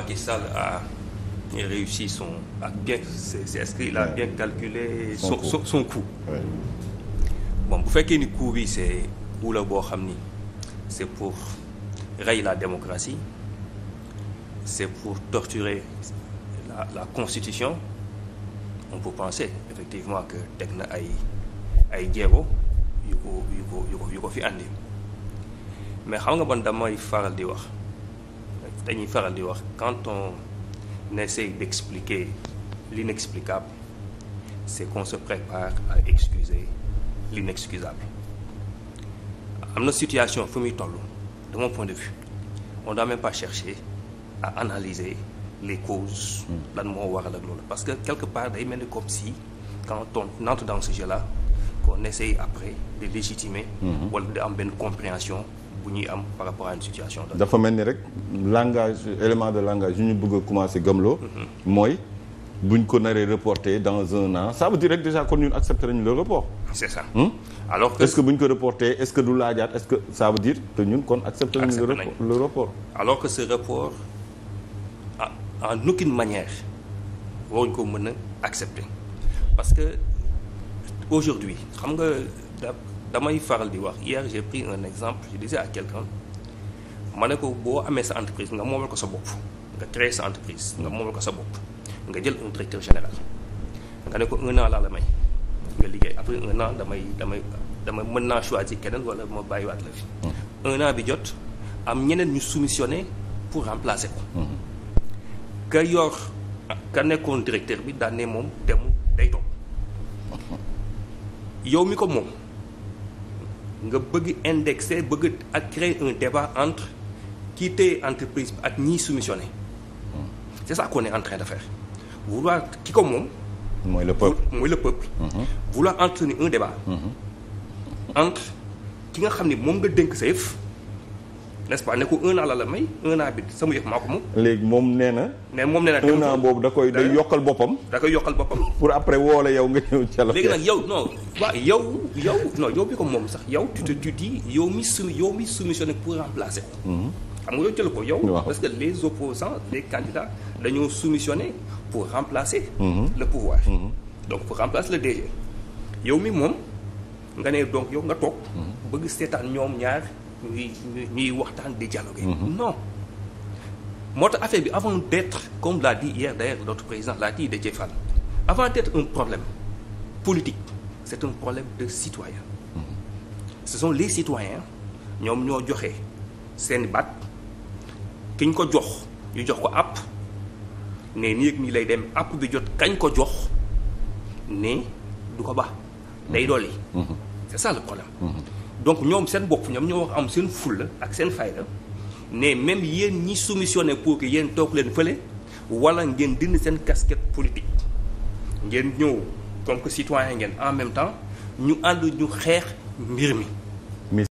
Macky Sall a réussi son ak bien est-ce qu'il a bien calculé son coût son, son coût oui. bon bu fekkee ni coût bi c'est boo xam ni c'est pour rey la démocratie c'est pour torturer la la constitution on peut penser effectivement que teg na ay ay jéego yu ko yu ko fi andi mais xam nga bon damay faral di wax dañuy faral di wax quand on essaye d'expliquer l'inexplicable c'est qu'on se prépare à excuser l'inexcusable am na situation fu muy toll de mon point de vue on doit pas chercher à analyser les causes lan moo waral ak loolu parce que quelque part day mel ni comme si quand on entre dans ce jeu-là qu'on essaye après de légitimer mm-hmm. wala di am benn compréhension bu ñuy am par rapport à une situation dafa mel ni rek langage élément de langage yu ñu bëgg a commencer gëmloo. Mhm. mooy bu buñ ko naree reporter dans un an ça veut dire rek déjà kon ñun accepter nañu le report. c'est ça. Hmm? alors que est-ce que bu ñu ko reporter est-ce que du laajaat est-ce que ça dire que ñun kon accepter nañu le report le report. alors que ce report en aucune manière waruñ ko mën a accepter parce que aujourd'hui xam nga. damay faral di wax hier j'ai pris un exemple je disais à quelqu'un ma ne ko boo amee sa entreprise nga moomal ko sa bopp nga créer sa entreprise nga moomal ko sa bopp nga jël un directeur général nga ne ko un an laa la may nga liggéey après un an damay damay damay mën naa choisir keneen wala ma bàyyiwaat la fi mm-hmm. un an bi jot am ñeneen ñu soumissionné pour remplacer ko mm-hmm. ka yor ka nekkoon directeur bi daan ne moom demu day toog yow mi ko moom nga bëgg indexer bëgg ak créer un débat entre qui téye entreprise ak ñiy soumissionné hmm. c'est ça qu'on est en train de faire vouloir ki ko moom. mooy le peuple mooy le peuple. Hmm. vouloir entretenir un débat. Hmm. entre ki nga xam ni moom nga dénk sa yëf. n'est-ce pas ne ko un la la may un bi sama yëf maa ko moom. léegi moom nee na. mais moom nee na un boobu da koy day yokkal boppam. da koy yokkal boppam. pour après woo la yow nga ñëw ca la. léegi nag yow non waaw yow bi ko moom sax yow tu te tu dis yow mi su yow mi soumissionné pour remplacer ko. Mhm. xam nga yow jël ko yow. parce que les opposants les candidats dañoo soumissionné pour remplacer. Mhm. le pouvoir. Mhm. donc pour remplacer le DG. E. yow mi moom nga ne donc yow nga toog. bëgg seetaan ñoom ñaar. ñuy ñuy waxtaan di dialoguer. Mhm. non moo tax affaire bi avant d'être comme l'a di hier d'ailleurs notre président l'a dit Déthié Fall avant d'être un problème politique c'est un problème de citoyen mhm. ce sont les citoyens ñoom ñoo joxe seen bat kiñ ko jox ñu jox ko àpp ne nii ak nii lay dem àpp bi jot kañ ko jox ne du ko ba day mhm. dolli c'est ça le problème donc ñoom seen bopp ñoom ñoo wax am seen fulla ak seen fayda ne même yéen ñi soumissionné pour que yéen toog leen fële wala ngeen dindi seen casquette politique ngeen ñëw comme que citoyen ngeen en même temps ñu ànd ñu xeex mbir mi